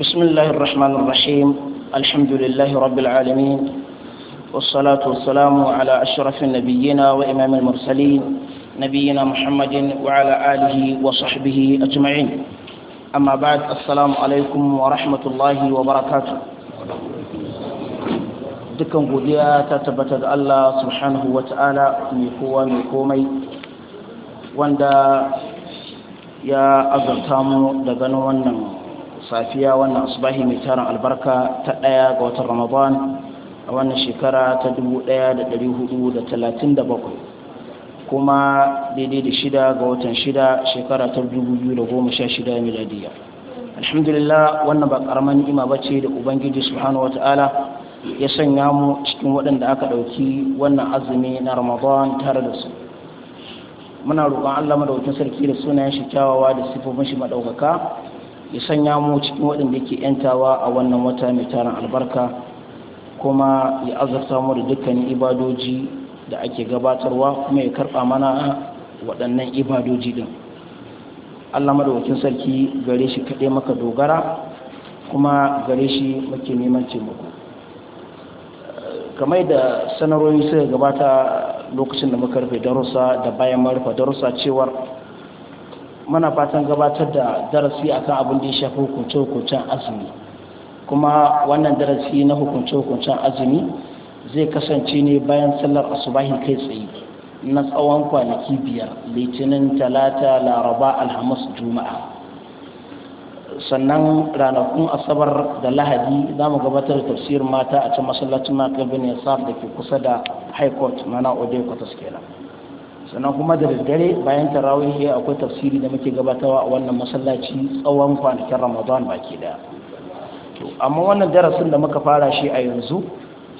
بسم الله الرحمن الرحيم الحمد لله رب العالمين والصلاة والسلام على أشرف النبيين وإمام المرسلين نبينا محمد وعلى آله وصحبه أجمعين أما بعد السلام عليكم ورحمة الله وبركاته دكم godiya تتبتد الله سبحانه وتعالى subhanahu wa ta'ala mai kowa mai komai safiya wannan asubahi mai tarin albarka ta ɗaya ga watan ramadan a wannan shekara ta 1437 kuma daidai da shida ga watan shida shekara ta 2016 miladiya alhamdulillah wannan ba karamin ni'ima ba ce da ubangiji subhanahu wata'ala ya sanya mu cikin waɗanda aka ɗauki wannan azumi na ramadan tare da su muna roƙon allah madawacin sarki da sunayen shi kyawawa da sifofin shi maɗaukaka ya sanya mu cikin waɗanda ke yantawa a wannan wata mai tarin albarka kuma ya azurta mu da dukkanin ibadoji da ake gabatarwa kuma ya karɓa mana waɗannan ibadoji din allah madawakin sarki gare shi kaɗai maka dogara kuma gare shi muke neman taimako kamar da sanarori suka gabata lokacin da muka rufe darussa da bayan marufa darussa cewar mana fatan gabatar da darasi akan abin da ya shafi hukunce-hukuncen azumi kuma wannan darasi na hukunce-hukuncen azumi zai kasance ne bayan sallar asubahi kai tsaye na tsawon kwanaki biyar litinin talata laraba alhamis juma'a sannan ranakun asabar da lahadi za mu gabatar da tafsirin mata a can masallacin makabin yasar da ke kusa da high court mana odeko ta sannan kuma da daddare bayan tarawih akwai tafsiri da muke gabatawa a wannan masallaci tsawon kwanakin ramadan baki daya amma wannan darasin da muka fara shi a yanzu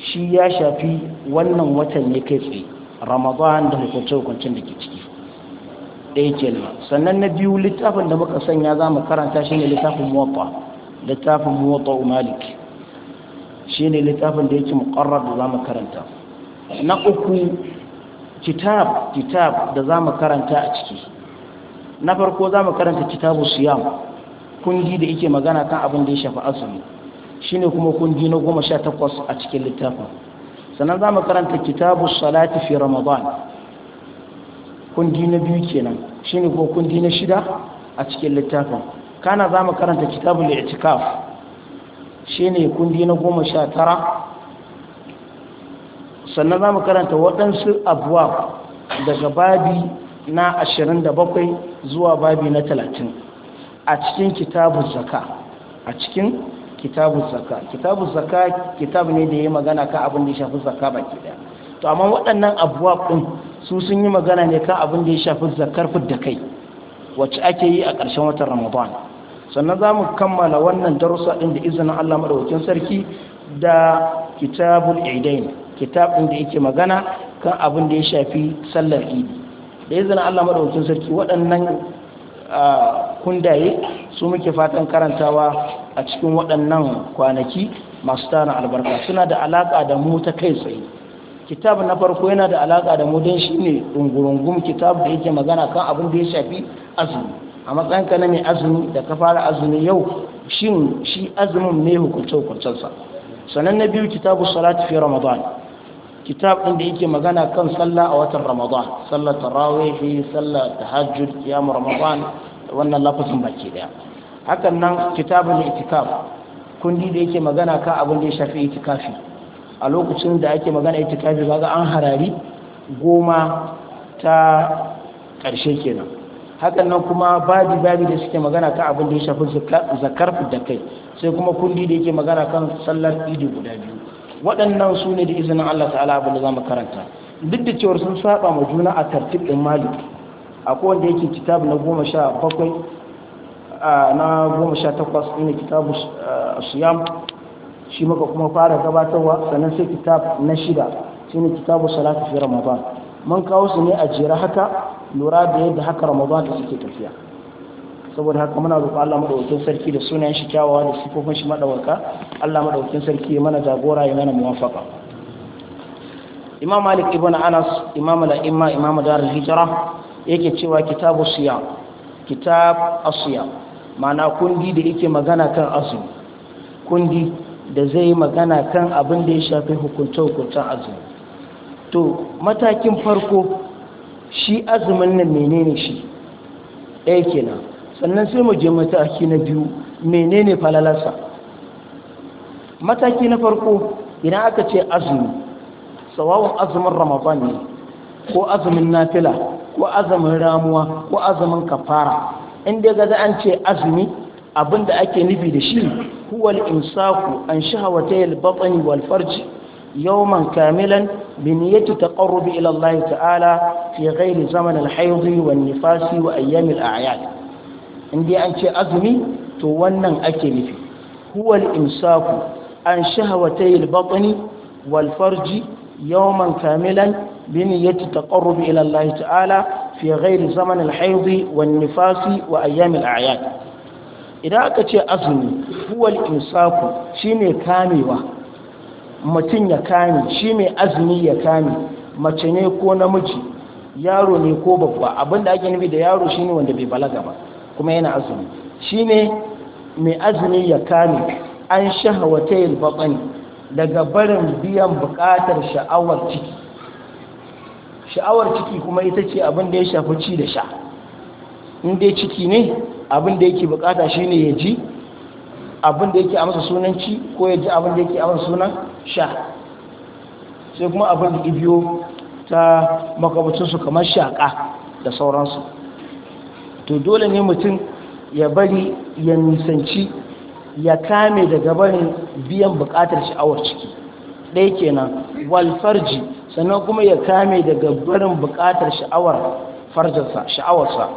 shi ya shafi wannan watan ne kai tsaye ramadan da hukuncin da ke ciki ɗaya kenan sannan na biyu littafin da muka sanya za mu karanta shi ne littafin muwatta littafin muwatta malik shi ne littafin da yake mukarrar da za mu karanta na uku kitab kitab da za mu karanta a ciki na farko za mu karanta kitabu siyam kungi da yake magana kan abin da ya shafi azumi shine kuma kungi na goma sha takwas a cikin littafin sannan za mu karanta kitabu salati fi ramadan kungi na biyu kenan shine kuma kungi na shida a cikin littafin kana za mu karanta kitabu li'tikaf shine kungi na goma sha tara sannan za mu karanta waɗansu abuwa daga babi na 27 zuwa babi na 30 a cikin kitabun zaka a cikin kitabun zaka kitabun zaka kitab ne da ya yi magana ka abin da ya shafi zaka baki daya to amma waɗannan abuwa ɗin su sun yi magana ne ka abin da ya shafi zakar fidda kai wacce ake yi a ƙarshen watan ramadan sannan za mu kammala wannan darussa ɗin da izinin allah maɗaukin sarki da kitabul idain kitab ɗin da yake magana kan abin da ya shafi sallar idi da izinin Allah madaukakin sarki waɗannan kundaye su muke fatan karantawa a cikin waɗannan kwanaki masu tana albarka suna da alaƙa da mu ta kai tsaye kitab na farko yana da alaƙa da mu don shi ne ɗungurungun kitab da yake magana kan abin da ya shafi azumi a matsayinka na mai azumi da ka fara azumi yau shin shi azumin ne hukunce hukuncensa sannan na biyu kitabu salati fi ramadan kitab ɗin da yake magana kan sallah a watan ramadan sallah tarawihi sallar tahajjud ya ramadan wannan lafazin baki daya hakan nan kitabul itikaf kundi da yake magana kan abin da ya shafi itikafi a lokacin da ake magana itikafi ga an harari goma ta karshe kenan hakan nan kuma babi babi da suke magana kan abin da ya shafi zakar da kai sai kuma kundi da yake magana kan sallar idi guda biyu waɗannan su ne da izinin Allah ta'ala abin da za mu karanta duk da cewar sun saba ma juna a tartib ɗin malik A kowanne yake kitab na goma sha bakwai na goma sha takwas ne kitabu siyam shi muka kuma fara gabatarwa sannan sai kitab na shida shi ne kitabu salatu fi ramadan mun kawo su ne a jere haka lura da yadda haka ramadan da suke tafiya saboda haka muna roƙo Allah madaukakin sarki da sunayen shi kyawawa da sifofin shi madawaka Allah madaukakin sarki ya mana jagora ya mana muwafaka Imam Malik ibn Anas Imam al-Imma Imam Dar al-Hijra yake cewa kitabu siyam kitab as-siyam ma'ana kundi da yake magana kan azumi kundi da zai magana kan abin da ya shafi hukunta hukuntan azumi to matakin farko shi azumin nan menene shi ɗaya kenan sannan sai mu je mataki na biyu menene falalarsa mataki na farko idan aka ce azumi tsawon azumin ramadan ne ko azumin nafila ko azumin ramuwa ko azumin kafara inda gaza an ce azumi abinda ake nufi da shi huwal insaku an shahawata yal batani wal farji يوما كاملا بنية تقرب إلى الله تعالى في غير زمن الحيض والنفاس وأيام الأعياد in dai an ce azumi to wannan ake nufi huwal imsaku an shahawatay tayil batni walfarji. farji kamilan bi niyyati taqarrub ila Allah ta'ala fi ghairi zaman al nifasi wa ayyamin ayat idan aka ce azumi huwal imsaku shine kamewa mutum ya kame shi mai azumi ya kame mace ne ko namiji yaro ne ko babba abinda ake nufi da yaro shine wanda bai balaga ba kuma yana azumi shine mai azumi ya kame an yin batani daga barin biyan bukatar sha'awar ciki sha'awar ciki kuma ita ce abin da ya shafi ci da sha in dai ciki ne abin da yake bukata shine ya ji abin da yake amsa sunan ci ko ya ji abin da yake amsa sunan sha sai kuma abin da ibiyo ta makamucinsu kamar shaƙa da sauransu to dole ne mutum ya bari ya nisanci ya kame daga barin biyan bukatar sha'awar ciki ɗaya kenan walfarji sannan kuma ya kame daga barin bukatar sha'awar farjarsa sha'awarsa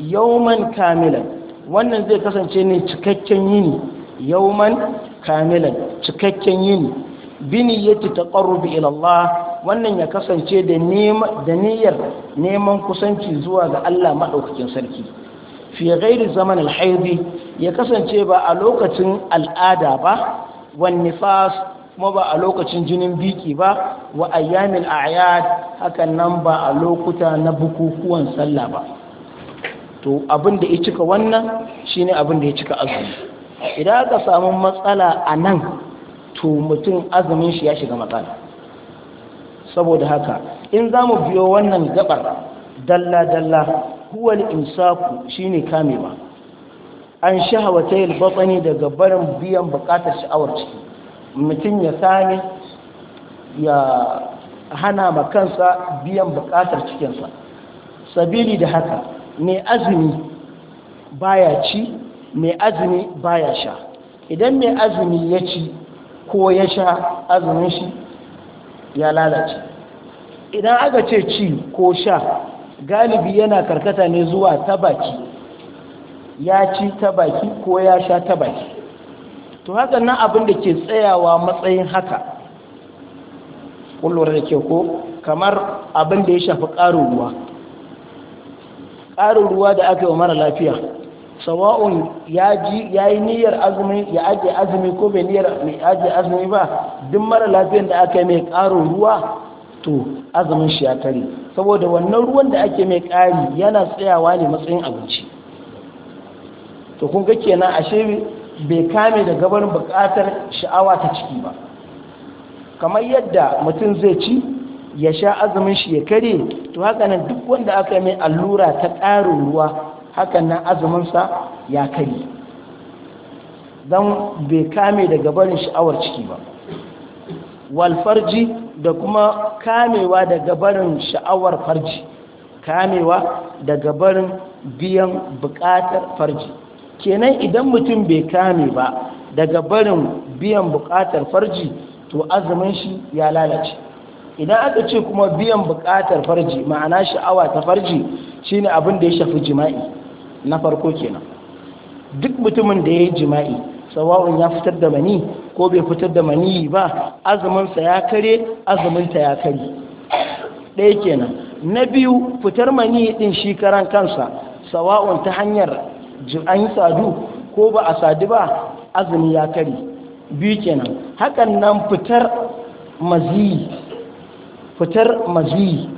yauman kamilan wannan zai kasance ne cikakken yini yauman kamilan cikakken yini bini yake ta ƙarrubi ilallah wannan ya kasance da niyyar neman kusanci zuwa ga Allah maɗaukakin sarki fi gairi zaman alhaibi ya kasance ba a lokacin al'ada ba wan nifas kuma ba a lokacin jinin biki ba wa ayyamin a'yad hakan nan ba a lokuta na bukukuwan sallah ba to abin da ya cika wannan shine abin da ya cika azumi idan aka samu matsala a nan to mutum azumin shi ya shiga matsala saboda haka in za mu biyo wannan gabar dalla-dalla huwal insaku shine kamewa an ta yi batsani daga barin biyan bukatar sha'awar ciki mutum ya sami ya hana makansa biyan bukatar cikinsa sabili da haka mai azumi baya ci mai azumi baya sha idan mai azumi ya ci ko ya sha azumin shi ya lalace idan aka ce ci ko sha galibi yana karkata ne zuwa tabaki ya ci tabaki ko ya sha tabaki to haka nan abin da ke tsayawa matsayin haka kullum da ke ko kamar abin da ya shafi ƙarin ruwa ƙarin ruwa da aka yi wa mara lafiya sawa'un ya ji yi niyyar azumi ya ajiye azumi ko bai niyyar mai ajiye azumi ba duk mara lafiyar da aka yi mai karo ruwa to azumin shi ya tare saboda wannan ruwan da ake mai kari yana tsayawa ne matsayin abinci to kun ga kenan ashe bai kame da gaban bukatar sha'awa ta ciki ba kamar yadda mutum zai ci ya sha azumin shi ya kare to haka nan duk wanda aka mai allura ta ƙarin ruwa hakan nan sa ya kari don bai kame daga barin sha'awar ciki ba walfarji da kuma kamewa daga barin sha'awar farji kamewa daga barin biyan buƙatar farji kenan idan mutum bai kame ba daga barin biyan buƙatar farji to azumin shi ya lalace idan aka ce kuma biyan buƙatar farji ma'ana sha'awa ta farji shine abin da ya shafi jima'i na farko kenan duk mutumin da ya yi jima'i sawa'un ya fitar da mani ko bai fitar da mani ba azuminsa ya kare azuminta ya kare ɗaya kenan na biyu fitar mani ɗin shi karan kansa sawa'un ta hanyar an yi sadu ko ba a sadu ba azumi ya kare biyu kenan hakan nan fitar maziyi fitar maziyi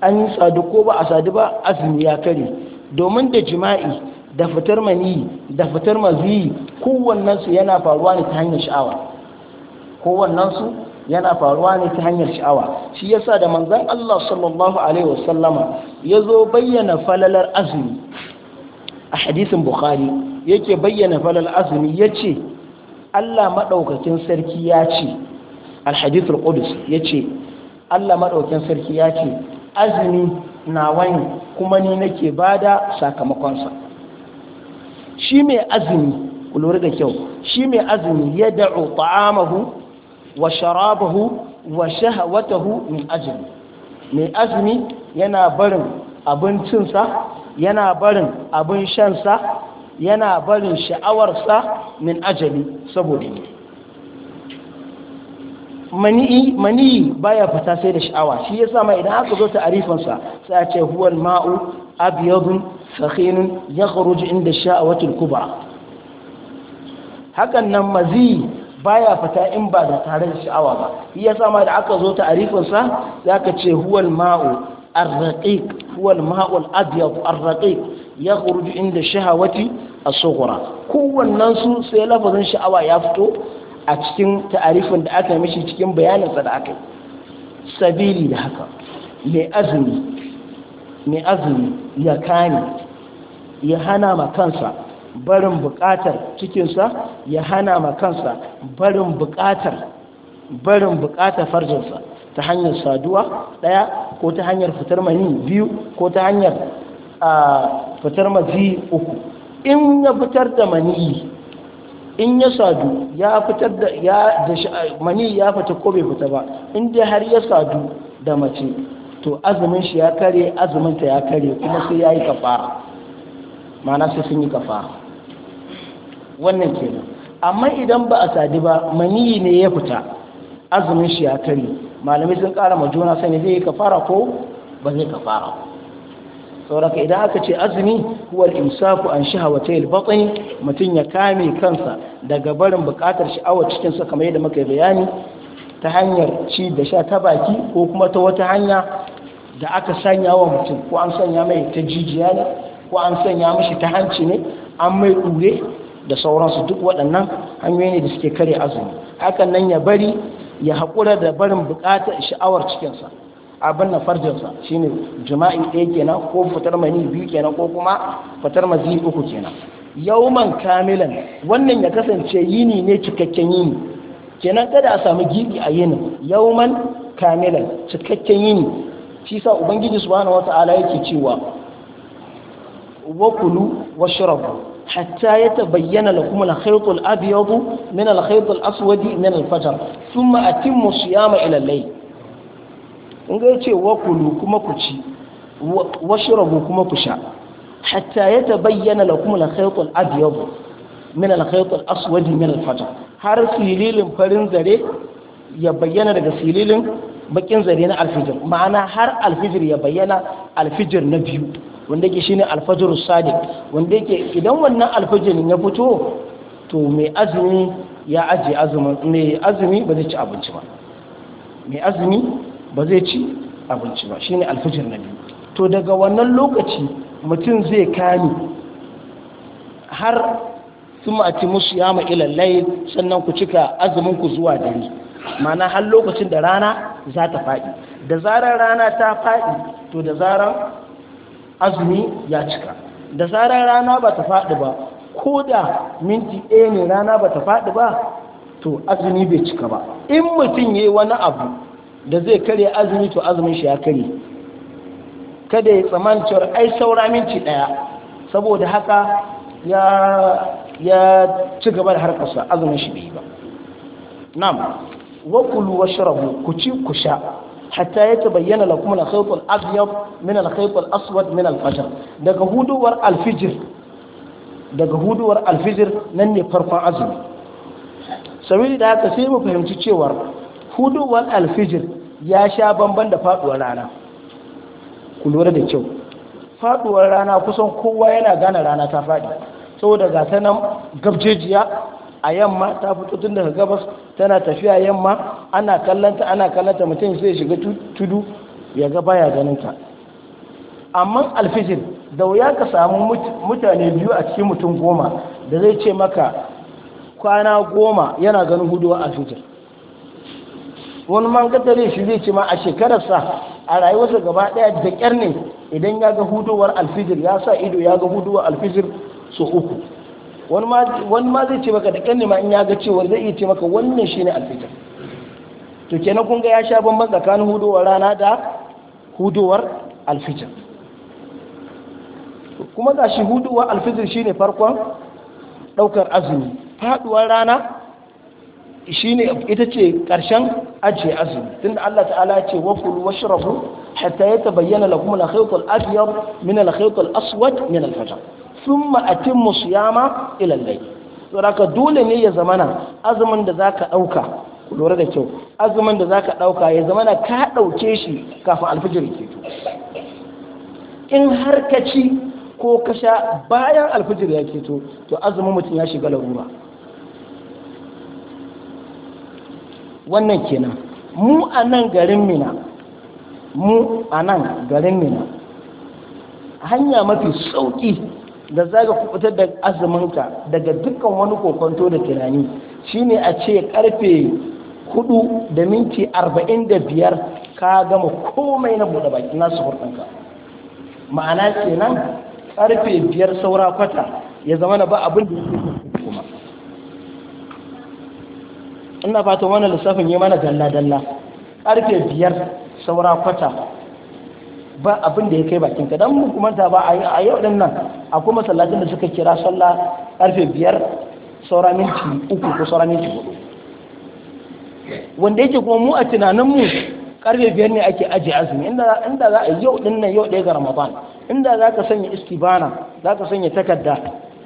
an yi sadu ko ba a sadu ba azumi ya kare domin da jima'i da fitar mani da fitar maziyi kowannensu yana faruwa ne ta hanyar sha'awa kowannensu yana faruwa ne ta hanyar sha'awa shi yasa da manzon Allah sallallahu alaihi wasallama yazo bayyana falalar azumi a hadisin bukhari yake bayyana falalar azumi yace Allah madaukakin sarki ya ce al-hadithul qudus yace Allah madaukakin sarki ya ce azumi na wani kuma ni nake bada sakamakonsa shi mai azumi ku lura da kyau shi mai azumi ya da'u ta'amahu wa sharabahu wa shahawatahu min ajli mai azumi yana barin abincinsa yana barin abin shansa yana barin sha'awarsa min ajali saboda ni mani'i mani'i baya fita sai da sha'awa shi yasa ma idan aka zo ta arifansa sai a ce huwal ma'u abyadun sakhinun yakhruju inda sha'awati al hakan nan mazi baya fita in ba da tare da sha'awa ba shi yasa ma da aka zo ta arifansa sai aka ce huwan ma'u ar-raqiq ma'u al-abyad ar-raqiq inda shahawati a sughra kowannan su sai lafazin sha'awa ya fito a cikin ta'arifin da aka mishi cikin bayaninsa da aka yi sabili da haka mai azumi mai azumi ya kame ya hana ma kansa barin bukatar cikinsa ya hana ma kansa barin bukatar barin bukatar farjinsa ta hanyar saduwa ɗaya ko ta hanyar fitar mani biyu ko ta hanyar ah, fitar mazi uku in ya fitar da maniyi in ya sadu ya fitar da ya da mani ya fita ko bai fita ba in dai har ya sadu da mace to azumin shi ya kare azumin ta ya kare kuma sai yayi kafara ma'ana sai sun yi kafara wannan kenan amma idan ba a sadu ba mani ne ya fita azumin shi ya kare malamai sun kara ma juna sani zai yi kafara ko ba zai kafara ba sauraka idan aka ce azumi al-insafu an shahawatayil batni mutun ya kame kansa daga barin bukatar sha'awar cikinsa kamar yadda muka bayani ta hanyar ci da sha ta baki ko kuma ta wata hanya da aka sanya wa mutum ko an sanya mai ta jijiya ne ko an sanya mashi ta hanci ne an mai ɗure da sauransu duk waɗannan hanyoyi ne da suke kare azumi hakan nan ya bari ya haƙura da barin buƙatar sha'awar cikinsa abin na farjinsa shine jima'i ɗaya kenan ko fitar mani biyu kenan ko kuma fitar mazi uku kenan yauman kamilan wannan ya kasance yini ne cikakken yini kenan kada a samu gidi a yinin yauman kamilan cikakken yini shi sa ubangiji subhanahu wata'ala yake cewa wa kulu washrabu hatta yatabayyana lakum al-khayt al-abyad min al-khayt al-aswad min al-fajr thumma atimmu siyama ila in ga yace wa kuma ku ci wa washrabu kuma ku sha hatta ya tabayyana lakum al-khayt al-abyad min al-khayt al har sililin farin zare ya bayyana daga sililin baƙin zare na alfijir ma'ana har ya bayyana na biyu wanda yake shine alfajr sadiq wanda yake idan wannan alfajirin ya fito to mai azumi ya aje azumin mai azumi ba zai ci abinci ba mai azumi ba zai ci abinci ba shine alfajr na biyu to daga wannan lokaci mutum zai kani har kuma a ci musu yama ilallai sannan ku cika azumin ku zuwa dare mana har lokacin da rana za ta faɗi da zarar rana ta faɗi to da zarar azumi ya cika da zarar rana ba ta faɗi ba ko da minti ɗaya ne rana ba ta faɗi ba to azumi bai cika ba in mutum ya yi wani abu da zai kare azumi to azumin shi ya kare kada ya tsammancewar ai saura minti ɗaya saboda haka ya ci gaba da harkarsa azumin shi bai ba nam wakulu wa shirabu ku ci ku sha hatta ya ta bayyana la kuma alkhaitul abyad min alkhaitul aswad min alfajr daga huduwar alfijir daga huduwar alfijir nan ne farkon azumi sabili da haka sai mu fahimci cewar huduwar alfijir ya sha bamban da faduwar rana ku lura da kyau faduwar rana kusan kowa yana gane rana ta faɗi saboda ga ta nan gabjejiya a yamma ta fito tun daga gabas tana tafiya yamma ana kallanta ana kallanta mutum zai shiga tudu ya ga baya ganinta amma alfijir da wuya ka samu mutane biyu a cikin mutum goma da zai ce maka kwana goma yana ganin hudu a alfijir wani man shi zai ce ma a shekararsa a rayuwarsa gaba ɗaya da ƙyar ne idan ya ga hudowar alfijir ya sa ido ya ga hudowar alfijir su uku wani ma zai ce maka da ƙyar ne ma in ya ga cewar zai iya ce maka wannan shi ne alfijir to kenan kun ga ya sha bambam tsakanin hudowar rana da hudowar alfijir kuma ga shi hudowar alfijir shi ne farkon ɗaukar azumi faɗuwar rana ne ita ce ƙarshen ajiye azumi tunda Allah ta'ala ce wa kulu rabu, hatta yatabayyana bayyana al-khayt al-abyad min al aswad min al sun ma'atin musu siyama ila al dole ne ya zamana azumin da za zaka ɗauka lura da kyau azumin da za ka ɗauka ya zamana ka ɗauke shi kafin alfajir ke to in har ka ci ko ka sha bayan alfajir ya ke to to azumin mutum ya shiga larura wannan kenan mu a nan garin mina mu a nan garin mina hanya mafi sauƙi da za ka kubutar da azuminka daga dukkan wani kokonto da tunani shine a ce karfe 4 da minti 45 ka gama komai na buɗe baki na suhurtanka ma'ana kenan karfe 5 saura kwata ya zama na ba abin da ina fatan wannan lissafin yi mana dalla-dalla ƙarfe biyar saura kwata ba abin da ya kai bakin ka don hukumanta ba a yau din nan akwai masallacin da suka kira sallah ƙarfe biyar saura minti uku ko saura minti hudu wanda yake kuma mu a tunaninmu ƙarfe biyar ne ake ajiye azumi inda za a yau din nan yau ɗaya ga ramadan inda za ka sanya istibana za ka sanya takarda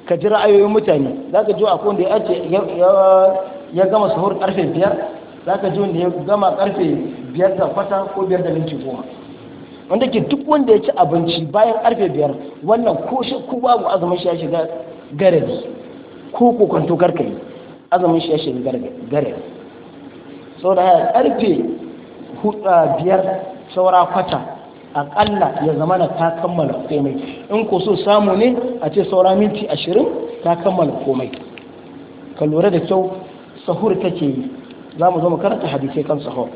ka ji ra'ayoyin mutane za ka ji akwai wanda ya ya gama sahur karfe biyar za ka ji wanda ya gama karfe biyar da kwata ko biyar da minti goma wanda ke duk wanda ya ci abinci bayan karfe biyar wannan ko shi ko babu azumin shi ya shiga garadi ko kokonto karka yi azumin shi ya shiga garari saboda haka karfe biyar saura kwata akalla ya zama na ta kammala komai in ko so samu ne a ce saura minti ashirin ta kammala komai ka lura da kyau sahur take yi za mu zo mu karanta hadisai kan sahur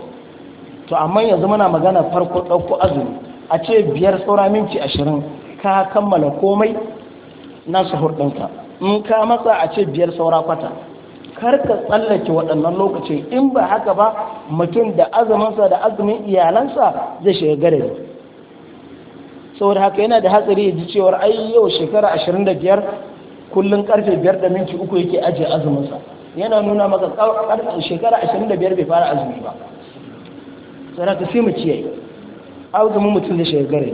to amma yanzu muna magana farko ɗauko azumi a ce biyar tsora minti ashirin ka kammala komai na sahur ɗinka in ka matsa a ce biyar saura kwata kar ka tsallake waɗannan lokaci in ba haka ba mutum da azuminsa da azumin iyalansa zai shiga gare garari saboda haka yana da hatsari ya ji cewar ai yau shekara ashirin da biyar kullum karfe biyar da minti uku yake ajiye azuminsa yana nuna maka shekara 25 bai fara azumi ba tsara ta sai mu ciye azumin mutum da shekara ne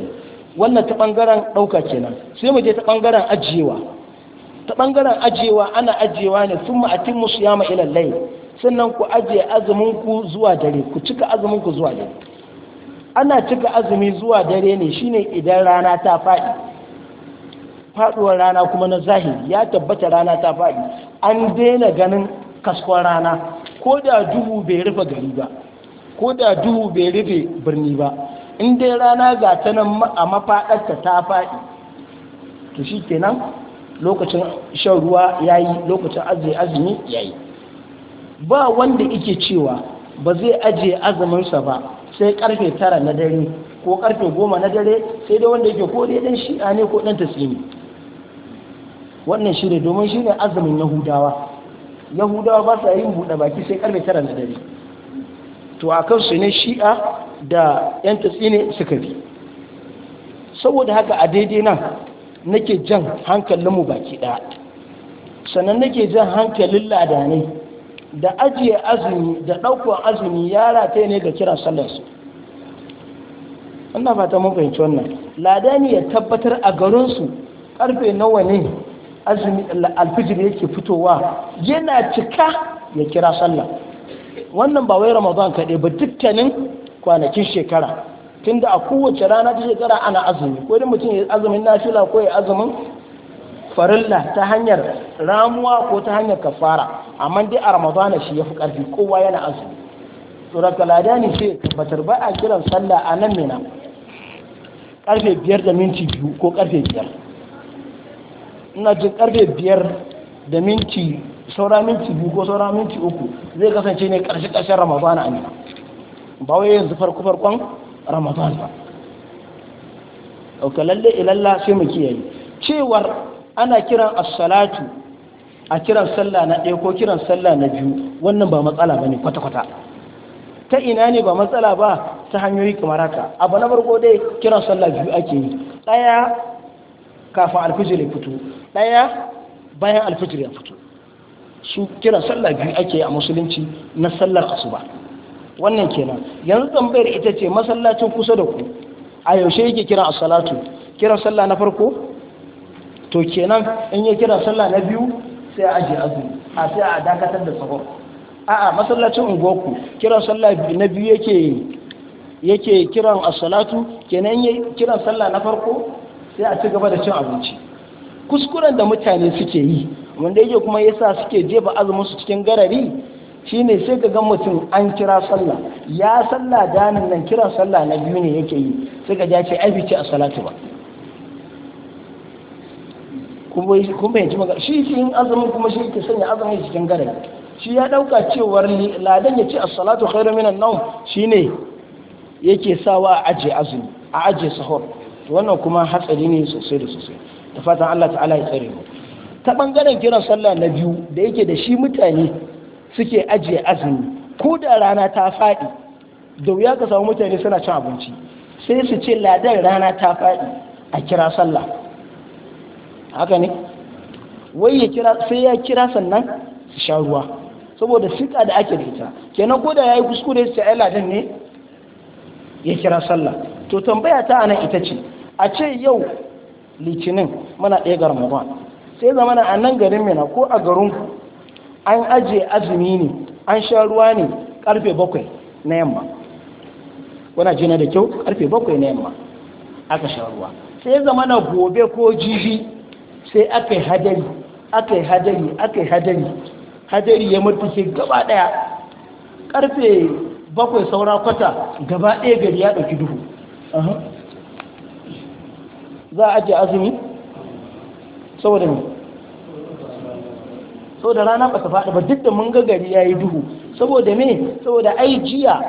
wannan ta bangaren dauka kenan sai mu je ta bangaren ajiyewa ta bangaren ajiyewa ana ajiyewa ne sun ma'atin musu yama ilan lai sannan ku ajiye azuminku zuwa dare ku cika azuminku zuwa dare ana cika azumi zuwa dare ne shine idan rana ta faɗi Faɗuwar rana kuma na zahiri ya tabbata rana ta faɗi an daina ganin kaskon rana ko da duhu bai rufe gari ba ko da duhu bai rufe birni ba in dai rana ga ta nan a mafaɗarta ta faɗi to shi kenan lokacin shan ruwa ya yi lokacin ajiye azumi ya yi ba wanda ike cewa ba zai ajiye azuminsa ba sai karfe tara na dare ko karfe goma na dare sai dai wanda yake ko dai dan shi'a ne ko dan tasiri wannan shi ne domin shi azumin yahudawa yahudawa ba sa yin buɗe baki sai karfe tara na dare to a su ne shi'a da yan tatsi ne suka bi saboda haka a daidai nan nake jan hankalinmu baki ɗaya sannan nake jan hankalin ladanai da ajiye azumi da ɗaukar azumi yara ta ne ga kiran sallarsu ina fata mun fahimci wannan ladani ya tabbatar a garinsu karfe nawa ne azumi alfijir yake fitowa yana cika ya kira sallah wannan ba wai ramadan kaɗai ba dukkanin kwanakin shekara tunda a kowace rana ta shekara ana azumi ko da mutum ya azumin nafila ko ya azumin farilla ta hanyar ramuwa ko ta hanyar kafara amma dai a ramadana shi ya fi ƙarfi kowa yana azumi tsoraka ladani ce tabbatar ba a kiran sallah a nan mina Karfe biyar da minti biyu ko karfe biyar ina jin karfe biyar da minti saura minti biyu ko saura minti uku zai kasance ne karshe karshen ramadana a ne ba wai yanzu farko farkon ramadana ba ɗauka lalle ilalla sai mu kiyaye cewar ana kiran assalatu a kiran sallah na ɗaya ko kiran sallah na biyu wannan ba matsala ba ne kwata-kwata ta ina ne ba matsala ba ta hanyoyi kamar haka abu na farko dai kiran sallah biyu ake yi ɗaya kafin alfijir ya fito ɗaya bayan alfijir ya fito su kira sallah biyu ake a musulunci na sallar asuba wannan kenan yanzu tambayar ita ce masallacin kusa da ku a yaushe yake kira as-salatu kira sallah na farko to kenan in ya kira sallah na biyu sai a aje azumi a sai a dakatar da sahur a'a masallacin unguwarku kira sallah na biyu yake yake kiran asalatu kenan ya kira sallah na farko sai a ci gaba da cin abinci kuskuren da mutane suke yi wanda yake kuma yasa suke jefa azumin su cikin garari shine sai ka ga mutum an kira sallah ya sallah danin nan kira sallah na biyu ne yake yi sai ka ja ce ai bice a salatu ba kuma kuma ji maka shi ke yin azumin kuma shi ke sanya azumin cikin garari shi ya dauka cewar ladan ya ce as-salatu khairu minan nawm shine yake sawa a aje azumi a aje sahur wannan kuma hatsari ne sosai da sosai da fatan Allah ta'ala ya tsare mu ta bangaren kiran sallah na biyu da yake da shi mutane suke ajiye azumi ko da rana ta faɗi da wuya ka samu mutane suna cin abinci sai su ce ladan rana ta faɗi a kira sallah haka ne wai ya kira sai ya kira sannan su sha ruwa saboda sika da ake da ita kenan ko da yayi kuskure sai ai ladan ne ya kira sallah to tambaya ta anan ita ce a ce yau litinin muna ɗaya ga ramadan sai zamana a nan garin mina ko a garin an ajiye azumi ne an sha ruwa ne karfe bakwai na yamma wana jina da kyau karfe bakwai na yamma aka sha ruwa sai zamana gobe ko jiji sai aka yi hadari aka yi hadari aka yi hadari hadari ya sai gaba ɗaya karfe bakwai saura kwata gaba ɗaya gari ya ɗauki duhu za a ajiye azumi saboda ne saboda rana ba ta faɗi ba duk da mun ga gari ya yi duhu saboda me saboda ai jiya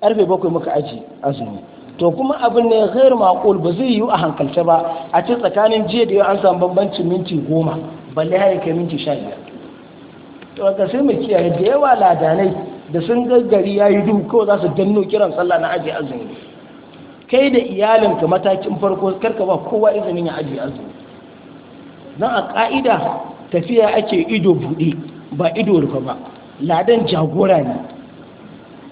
karfe bakwai muka aji azumi to kuma abin ne ghair maqul ba zai yiwu a hankalce ba a ci tsakanin jiya da yau an samu bambanci minti goma balle har kai minti sha biyar to ka sai mu kiyaye da yawa ladanai da sun gaggari yi duhu kawai za su danno kiran sallah na aji azumi kai da iyalinka matakin farko karka ba kowa izinin ya ajiye azumi don a ka'ida tafiya ake ido buɗe ba ido rufe ba ladan jagora ne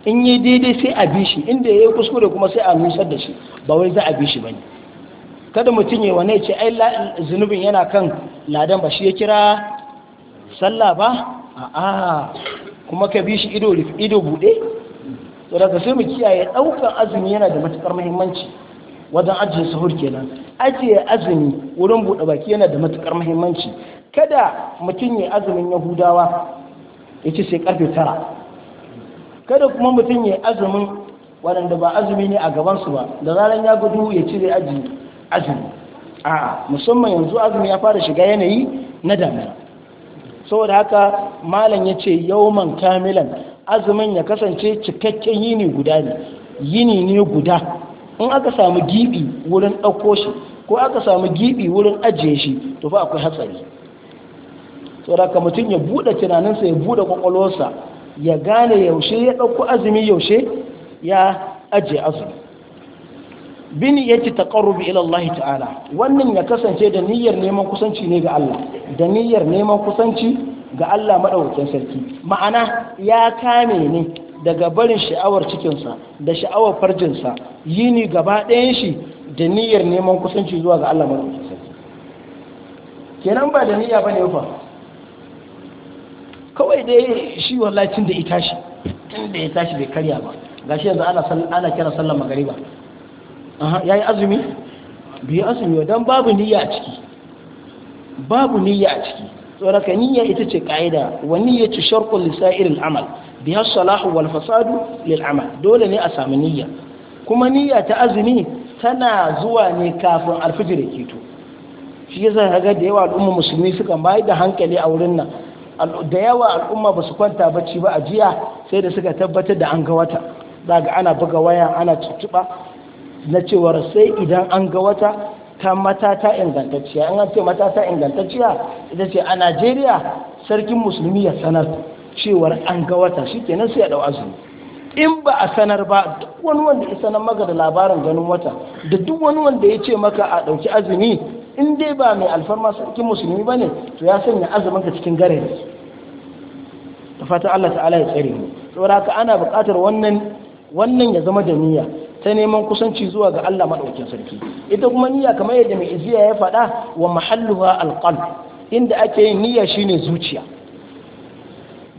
in yi daidai sai a bi shi inda ya yi kuskure kuma sai a nusar da shi ba wai za a bi shi ba ne kada mutum ya wane ce ai zunubin yana kan ladan ba shi ya kira sallah ba a'a kuma ka bi shi ido buɗe to daga sai mu kiyaye ɗaukar azumi yana da matukar muhimmanci wajen ajiye sahur kenan ajiye azumi wurin buɗe baki yana da matukar muhimmanci kada mutum ya azumin yahudawa ya ci sai karfe tara kada kuma mutum ya azumin waɗanda ba azumi ne a gabansu ba da zaran ya gudu ya ci zai aji azumi a musamman yanzu azumi ya fara shiga yanayi na damina saboda haka malam ya ce yauman kamilan azumin ya kasance cikakken yini guda ne yini ne guda in aka samu gibi wurin ɗauko shi ko aka samu gibi wurin ajiye shi to fa akwai hatsari saboda mutum ya buɗe tunaninsa ya buɗe kwakwalwarsa ya gane yaushe ya ɗauko azumi yaushe ya ajiye azumi bini yake taqarrubi ila Allah ta'ala wannan ya kasance da niyyar neman kusanci ne ga Allah da niyyar neman kusanci ga Allah maɗaukakin sarki ma'ana ya kame ne daga barin sha'awar cikinsa da sha'awar farjinsa yi ni gaba ɗayan shi da niyyar neman kusanci zuwa ga Allah maɗaukakin sarki kenan ba da niyya ba ne fa kawai dai shi wallahi tun da ya tashi tun da ya tashi bai karya ba Ga shi yanzu ana kira sallar magariba ya yi azumi bai azumi don babu niyya a ciki babu niyya a ciki tsoraka niyya ita ce ka'ida wa niyya ce sharqul lisa'iril amal biha salahu wal fasadu lil amal dole ne a samu niyya kuma niyya ta azumi tana zuwa ne kafin alfijir ya kito shi yasa kaga da yawa al'umma musulmi suka mai da hankali a wurin nan da yawa al'umma ba su kwanta bacci ba a jiya sai da suka tabbatar da an ga wata za ana buga waya ana tuttuba na cewar sai idan an ga wata ta matata ingantacciya in an ce matata ingantacciya ita ce a najeriya sarkin musulmi ya sanar cewar an ga wata shi kenan sai ya dau azumi in ba a sanar ba duk wani wanda ya sanar maka da labarin ganin wata da duk wani wanda ya ce maka a ɗauki azumi in dai ba mai alfarma sarkin musulmi ba ne to ya sanya azumin ka cikin gare da ta fata Allah ta'ala ya tsare mu saboda haka ana buƙatar wannan wannan ya zama da niyya ta neman kusanci zuwa ga Allah madaukakin sarki ita kuma niyya kamar yadda mai iziya ya faɗa wa mahalluha alƙal. inda ake yin niyya shine zuciya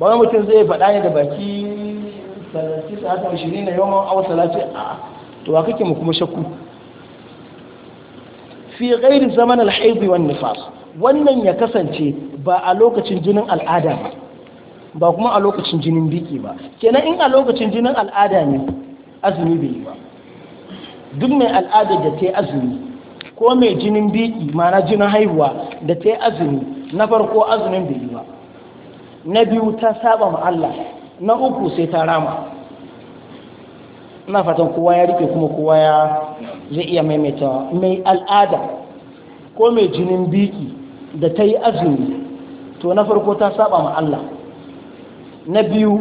ba wai mutum zai faɗa ne da baki salati sa'ata shi ne yawan aw salati a to wa kake mu kuma shakku fi ghairi zaman al-hayd nifas wannan ya kasance ba a lokacin jinin al'ada ba ba kuma a lokacin jinin biki ba kenan in a lokacin jinin al'ada ne azumi bai yi ba duk mai al'adar da ta yi azumi ko mai jinin biki mana jinin haihuwa da ta yi azumi na farko azumin da yi ba na biyu ta saba ma Allah na uku sai ta rama ina fatan kowa ya rike kuma kowa ya zai iya maimaita mai al'ada ko mai jinin biki da ta yi azumi to na farko ta saba ma Allah na biyu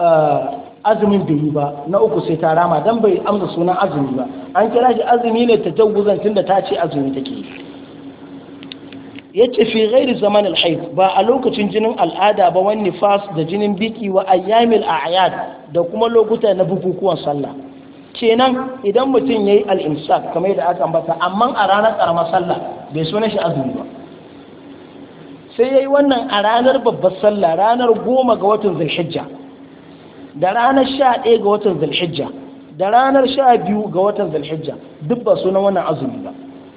eh, azumin bai yi ba na uku sai ta rama dan bai amsa sunan azumi ba an kira shi azumi ne ta jawuzan tunda ta ce azumi take yi yace fi ghairi zaman al ba a lokacin jinin al'ada ba wani nifas da jinin biki wa ayyamil a'yad da kuma lokuta na bukukuwan sallah kenan idan mutum yayi al-imsak kamar yadda aka ambata amma a ranar karamar sallah bai sunan shi azumi ba sai yayi wannan a ranar babbar sallah ranar goma ga watan zulhijja da ranar sha ɗaya ga watan zulhijja da ranar sha biyu ga watan zulhijja duk ba sunan wannan azumi ba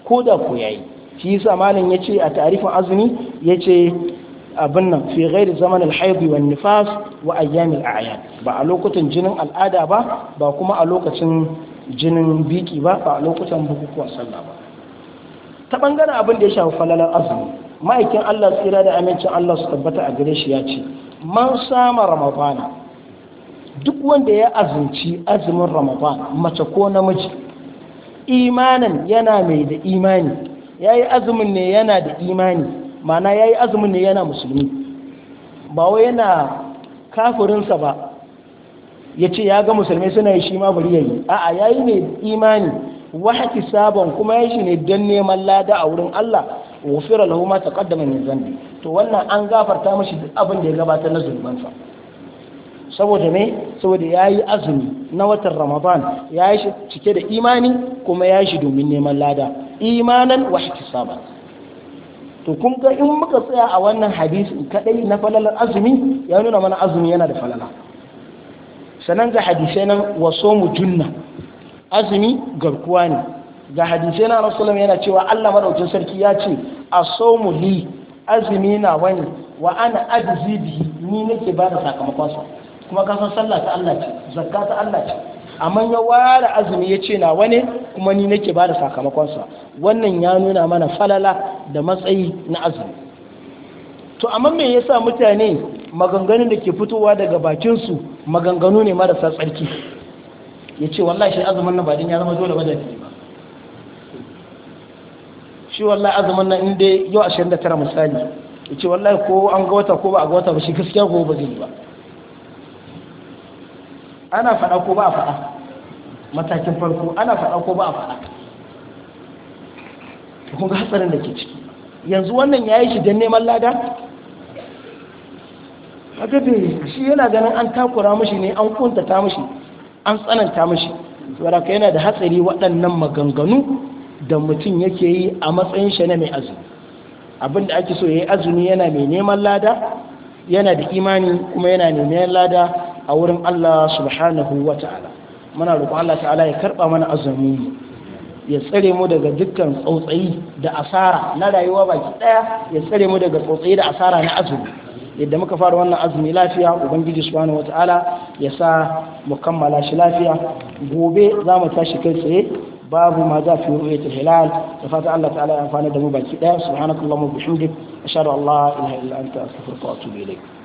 ko da ko ya yi shi yasa malam ya ce a tarifin azumi ya ce abin nan fi ghairi zaman al wa nifas wa ba a lokutan jinin al'ada ba ba kuma a lokacin jinin biki ba ba a lokutan bukukuwan sallah ba ta bangaren abin da ya shafi falalar azumi ma'aikin Allah tsira da amincin Allah su tabbata a gare shi ya ce man sama ramadana duk wanda ya azunci azumin ramadan mace ko namiji imanin yana mai da imani ya yi azumin ne yana da imani mana ya yi azumin ne yana musulmi ba wai yana kafurinsa ba ya ce ya ga musulmi suna yi shi ma bari yayi a'a ya yi ne imani wahaki sabon kuma ya shi ne don neman lada a wurin Allah wufira lahu ma taqaddama min zambi to wannan an gafarta mashi duk abin da ya gabatar na zulmansa saboda ne saboda yayi azumi na watan ramadan ya yi cike da imani kuma ya shi domin neman lada imanan wa saba to kun ga in muka tsaya a wannan hadisin kadai na falalar azumi ya nuna mana azumi yana da falala sanan ga hadisai nan wa somu junna azumi garkuwa ne ga hadisai na rasulullah yana cewa Allah madaukakin sarki ya ce as li azumi na wani wa ana ajzi bihi ni nake ba da sakamakon sa kuma ka san sallah ta Allah ce zakka ta Allah ce amma ya ware azumi ya ce nawa ne kuma ni nake ba da sakamakonsa wannan ya nuna mana falala da matsayi na azumi to amma me yasa mutane maganganun da ke fitowa daga bakinsu maganganu ne marasa tsarki ya ce wallahi shi azumin nan ba din ya zama dole ba da ba shi wallahi azumin nan inda yau 29 misali ya ce wallahi ko an ga wata ko ba a ga wata ba shi gaskiya ko ba zai yi ba ana faɗa ko ba a faɗa matakin farko ana faɗa ko ba a faɗa kun ga hatsarin da ke ciki yanzu wannan ya yi shi don neman lada haka shi yana ganin an takura mashi ne an kuntata mashi an tsananta mashi saboda yana da hatsari waɗannan maganganu da mutum yake yi a matsayin shi na mai azumi da ake so ya yi azumi yana mai neman lada yana da imani kuma yana neman lada a wurin Allah subhanahu wa ta'ala muna Allah ta'ala ya karɓa mana azumi ya tsare mu daga dukkan tsautsayi da asara na rayuwa baki ɗaya ya tsare mu daga tsautsayi da asara na azumi yadda muka fara wannan azumi lafiya ubangiji subhanahu ta'ala ya sa mu kammala shi lafiya gobe za mu tashi kai tsaye babu ma za fi ta hilal da fata Allah ta'ala ya amfani da mu baki daya subhanakallahumma bihamdik ashhadu an la ilaha illa anta astaghfiruka wa atubu ilayk